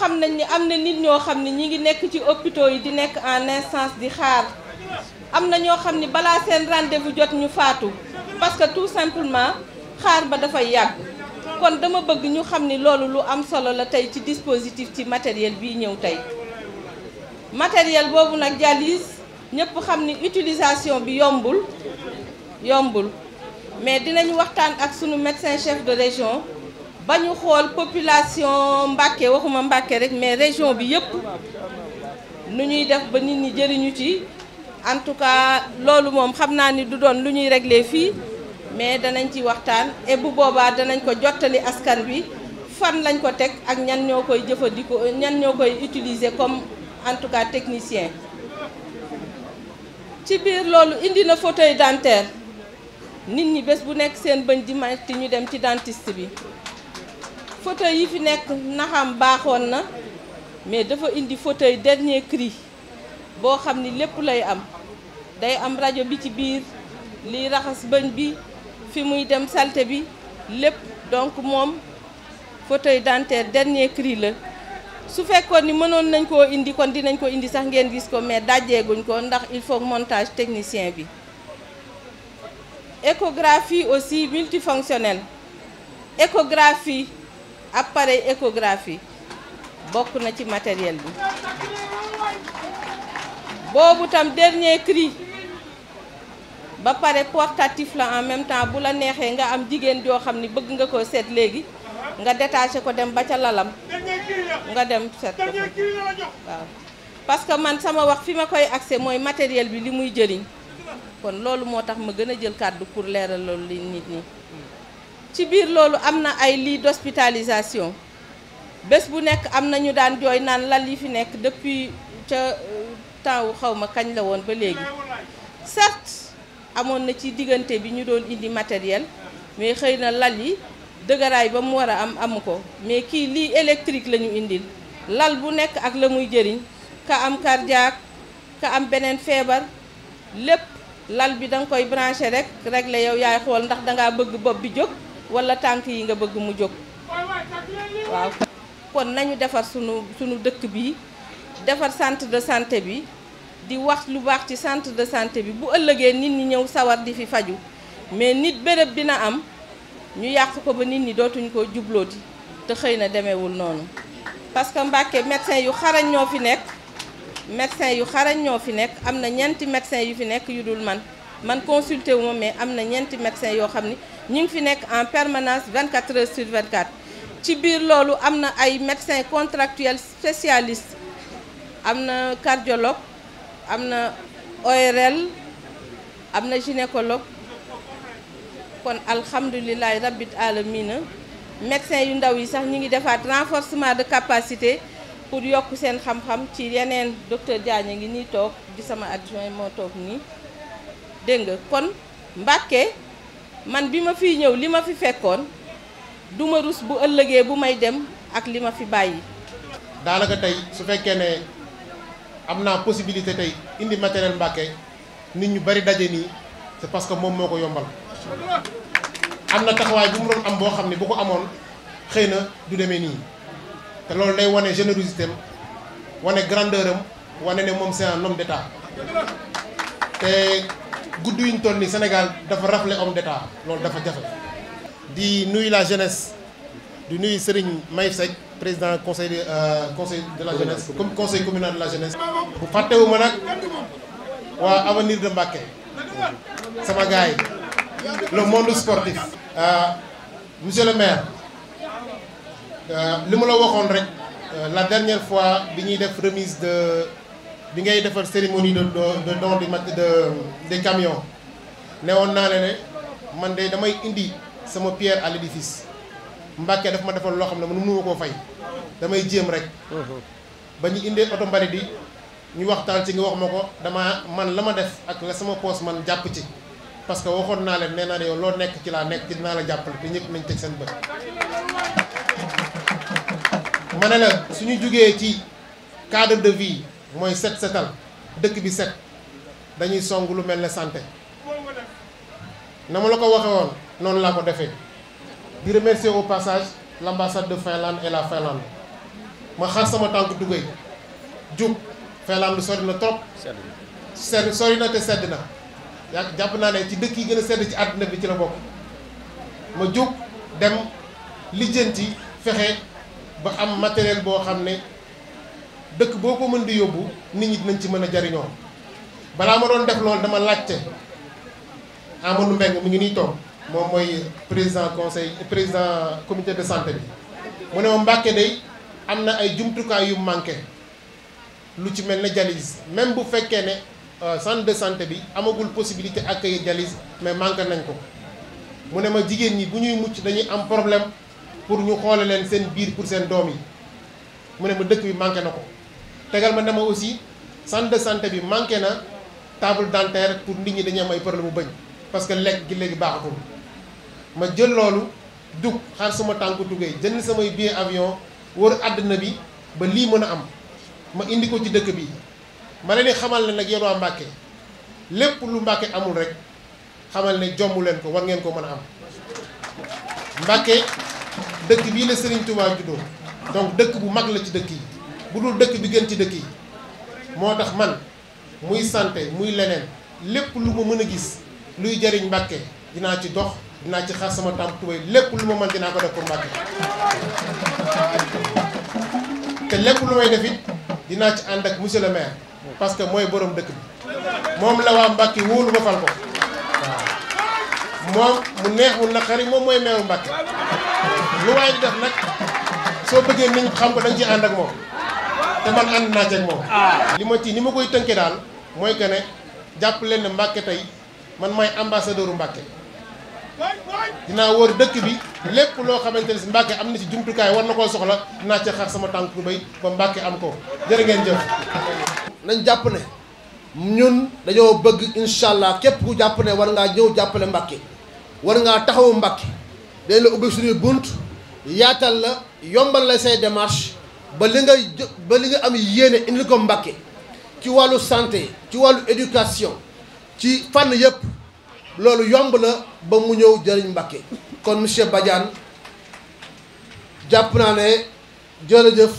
xam nañ ni am na nit ñoo xam ni ñi ngi nekk ci hôpitaux yi di nekk en instance di xaar am na ñoo xam ni balaa seen rendez-vous jot faatu parce que tout simplement xaar ba dafay yàgg kon dama bëgg ñu xam ni loolu lu am solo la tey ci dispositif ci matériel bii ñëw tey matériel boobu nag dialyse ñëpp xam ni utilisation bi yombul yombul mais dinañ waxtaan ak sunu médecin chef de région ba ñu xool population Mbacké waxuma Mbacké rek mais région bi yëpp nu ñuy def ba nit ñi jëriñu ci en tout cas loolu moom xam naa ni du doon lu ñuy régle fii mais danañ ci waxtaan et bu boobaa danañ ko jottali askan bi fan lañ ko teg ak ñan ñoo koy jëfandikoo ñan ñoo koy utiliser comme en tout cas technicien ci biir loolu indi na fauteuil dentaire nit ñi bés bu nekk seen bëñ di matti ñu dem ci dantist bi fauteuil yi fi nekk naxam baaxoon na mais dafa indi fauteuil dernier cri boo xam ni lépp lay am day am rajo bi ci biir liy raxas bëñ bi fi muy dem salte bi lépp donc moom fauteuil dentaire dernier cri la su fekkoon ni mënoon nañ koo indi kon dinañ ko indi sax ngeen gis ko mais dajjeeguñ ko ndax il faut montage technicien bi échographie aussi multifonctionnelle échographie appareil échographie bokk na ci matériel bi boobu tam dernier cri ba pare portatif la en même temps bu la neexee nga am jigéen joo xam ni bëgg nga ko seet léegi nga détaché ko dem ba ca lalam nga dem seet ko waaw parce que man sama wax fi ma koy accès mooy matériel bi li muy jëriñ kon loolu moo tax ma gën a jël kàddu pour leeral loolu li nit ñi ci biir loolu am na ay lits d'hospitalisation bés bu nekk am na ñu daan jooy naan lal yi fi nekk depuis ca euh, temps wu xaw kañ la woon ba léegi certes amoon na ci diggante bi ñu doon indi matériel mais xëy na lal yi dëgëraay ba mu war a am amu ko mais kii lii électrique la ñu indil lal bu nekk ak la muy jëriñ ka am cardiaque ka am beneen feebar lépp lal bi da nga koy branché rek régler yow yaay xool ndax dangaa bëgg bopp bi jóg wala tànk yi nga bëgg mu jóg waaw kon nañu defar sunu sunu dëkk bi defar centre de santé bi di wax lu baax ci centre de santé bi bu ëllëgee nit ñi ñëw sawar di fi faju mais nit bi na am ñu yàq ko ba nit ñi dootuñ ko jublooti te xëy na demeewul noonu parce que Mbàkke médecin yu xarañ ñoo fi nekk médecin yu xarañ ñoo fi nekk am na ñeenti médecin yu fi nekk yu dul man man consulté wu ma mais am na ñeenti médecin yoo xam ni ñu ngi fi nekk en permanence 24 heures sur 24 ci biir loolu am na ay médecin contractuel spécialiste am na cardiologue am na ORL am na gynécologue kon alhamdulilahi rabbil alamina médecin yu ndaw yi sax ñu ngi defaat renforcement de capacité pour yokk seen xam-xam ci yeneen docteur Diagne ngi nii toog di sama adjoint moo toog nii dégg nga kon Mbàkke man bi ma fi ñëw li ma fi fekkoon du ma rus bu ëllëgee bu may dem ak li ma fi bàyyi. daanaka tey su fekkee ne am naa possibilité tey indi matériel Mbàkke nit ñu bari daje nii c'est parce que moom moo ko yombal. am na taxawaay bu mu doon am boo xam ne bu ko amoon xëy na du demee nii te loolu day wane générosité am wane grandeur wane ne moom c'est un homme d'état te. gudd yuñ toll ni Sénégal dafa rafle homme d'état loolu dafa jafe di nuyu la jeunesse di nuyu Serigne Mayib Seck président conseil de euh, conseil de la jeunesse comme conseil communal de la jeunesse bu fàttewu ma nag waa avenir de Mbacké sama gars yi le monde sportif euh, monsieur le maire euh, li mu la waxoon rek la dernière fois bi ñuy def remise de bi ngay defar cérémonie de de don du mat de des camions newoon naa le ne man de damay indi sama pierre à l'édifice Mbàkke daf ma defal loo xam ne mënu ma koo fay damay jéem rek mhm. ba ñu indee oto mbalit yi ñu waxtaan ci nga wax ma ko damaa man la ma def ak la sama poos man jàpp ci parce que waxoon naa leen nee naa loo nekk ci laa nekk ci dinaa la jàppale te ñëpp nañ teg seen bët ma ne la suñu jógee ci cadre de vie mooy set setal dëkk bi set dañuy song lu mel na santé na ma la ko waxee woon noonu laa ko defee di remercier au passage l' de Finlande et la Finlande ma xar sama tànk duggay jug Finlande sori na trop sedd sori na te sedd na yaa jàpp naa ne ci dëkk yi gën a sedd ci àddina bi ci la bokk ma jug dem lijjanti fexe ba am matériel boo xam ne dëkk boo ko mën di yóbbu nit ñi dinañ ci mën a jariñoo balaa ma doon def loolu dama laajte mel Mbengue mu ngi nii toog moom mooy président conseil président comité de santé bi mu ne ma Mbàkke day am na ay jumtukaay yu manqué lu ci mel ne dialyse même bu fekkee ne euh, centre de santé bi amagul possibilité accueillir dialyse mais manqué nañ ko mu ne ma jigéen ñi bu ñuy mucc dañuy am problème pour ñu xoole leen seen biir pour seen doom yi mu ne ma dëkk bi manqué na ko tegal ma ne ma aussi centre de santé bi manqué na table dentaire pour nit ñi dañuy am ay problème mu bëñ parce que lekk gi léegi baaxatul ma jël loolu dug xaar sama tànku duggee jënd samay billet avion wër àddina bi ba lii mën a am ma indi ko ci dëkk bi ma leen di xamal ne nag yéen waa Mbàkke lépp lu Mbàkke amul rek xamal ne jomb leen ko war ngeen ko mën a am Mbàkke dëkk bii la Serigne Touba juddoo donc dëkk bu mag la ci dëkk yi. bu dul dëkk bi gën ci dëkk yi moo tax man muy santé muy leneen lépp lu ma mën a gis luy jariñ Mbàkke dinaa ci dox dinaa ci xar sama tàmp tubéy lépp lu ma mën dinaa ko def pour Mbàkke te lépp lu may def it dinaa ci ànd ak monsieur le maire parce que mooy borom dëkk bi moom la waa Mbàkke wóolu ba fal ko moom mu neexul na xari moom mooy meeru Mbàkke lu waay di def nag soo bëggee niñ xam ko da ci ànd ak moom te man ànd naa ceeg moom. Ah. li ma ci ni ma koy tënkee daal mooy gën ne jàpp leen ne Mbàkke tey man may ambassadeur Mbàkke dinaa wër dëkk bi lépp loo xamante ne si Mbàkke am na si jumtukaay war na koo soxla dinaa ci xar sama tànk bay ba Mbàkke am ko jërë ngeen jëf. nañ jàpp ne ñun dañoo bëgg incha allah képp ku jàpp ne war ngaa ñëw jàppale Mbàkke war ngaa taxawu Mbàkke dañ la ubbi suñuy bunt yaatal la yombal la say démarche ba li nga ba li nga am yéene indi ko Mbàkke ci wàllu santé ci wàllu éducation ci fànn yëpp loolu yomb la ba mu ñëw jariñ Mbàkke kon monsieur Badiane jàpp naa ne jërëjëf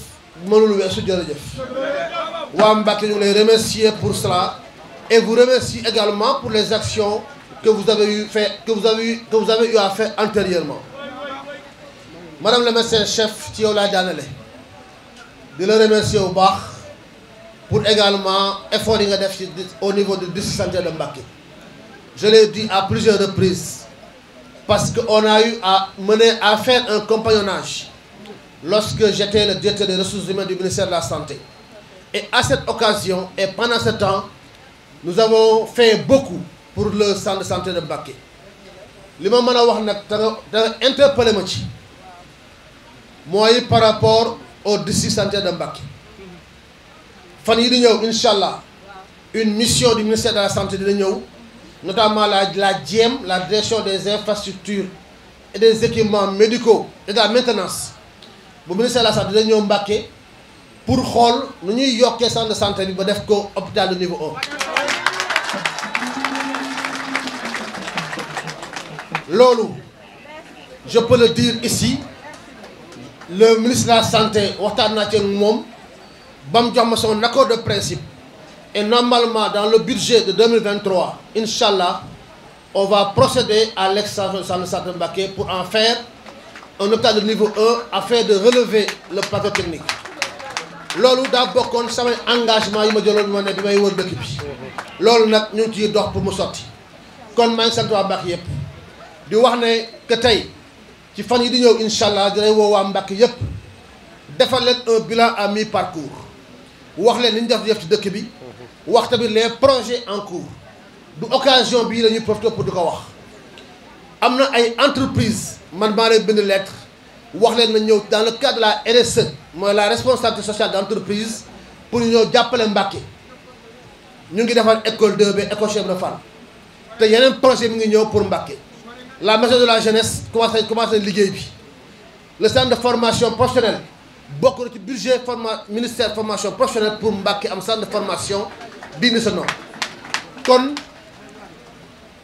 mënul weesu jërëjëf waa Mbàkke ñu ngi lay remercier pour cela et vous remercie également pour les actions que vous avez eu fait que vous avez eu que vous avez eu à faire antérieurement madame le médecin chef ci yow laa daanale di la remercier bu baax pour également effort yi nga def ci au niveau du district sanitaire de Mbacké je l'ai dit à plusieurs reprises parce que on a eu à mener à faire un compagnonnage lorsque j'étais le directeur des ressources humaines du ministère de la santé et à cette occasion et pendant ce temps nous avons fait beaucoup pour le centre de santé de Mbacké li ma mën a wax nag te nga te ma ci mooy par rapport au-dessus santé de Mbacké fan yi di ñëw incha allah une mission du ministère de la santé dina ñëw notamment la la DIEM la direction des infrastructures et des équipements médicaux et de la maintenance bu ministère de la santé dina ñëw Mbacké pour xool nu ñuy yokkee centre de santé bi ba def ko hôpital de niveau un loolu je peux le le ministre de la santé waxtaan naa ci ak moom ba mu jox ma son accord de principe et normalement dans le budget de 2023 incha allah on va procéder à l'extension de Sam Sarr pour en faire un hôpital de niveau 1 afin de relever le plateau technique loolu daa bokkoon samay engagement yi ma jëloon ma ne bi may wër dëkk bi loolu nag ñu ngi dox pour mu sotti kon maa ngi sant waa Mbacké yëpp di wax ne que tey. ci fan yi di ñëw incha allah dinay woo waa Mbàkke yépp defal leen un bilan à mi parcours wax leen li ñu def def ci dëkk bi wax tamit les projets en cours du occasion bii la ñuy profité pour di ko wax am na ay entreprise man maa leen bind lettre wax leen na ñëw dans le cadre de la RSE mooy la responsabilité sociale d'entreprise pour ñu ñëw jàppale Mbàkke ñu ngi defar école 2B école Cheikh Ibra te yeneen projet mi ngi ñëw pour Mbàkke la maison de la jeunesse commencé commencé liggéey bi le centre de formation professionnelle bokk na ci budget forma ministère formation professionnelle pour Mbacké am centre de formation digne sa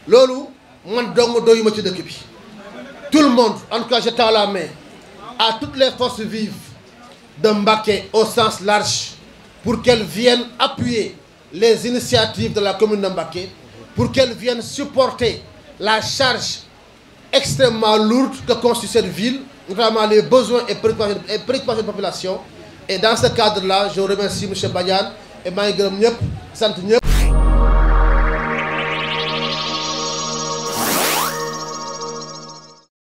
loolu man dong doyuma ci dëkk bi tout le monde en tout cas la main à toutes les forces vives de Mbacké au sens large pour quelle viennent appuyer les initiatives de la commune de Mbacké pour qu'elles viennent supporter la charge extrêmement lourde que constitue cette ville, notamment les besoins et préoccupations, et préoccupations de la population. Et dans ce cadre-là, je remercie M. Bayan et Maïgram Nyep,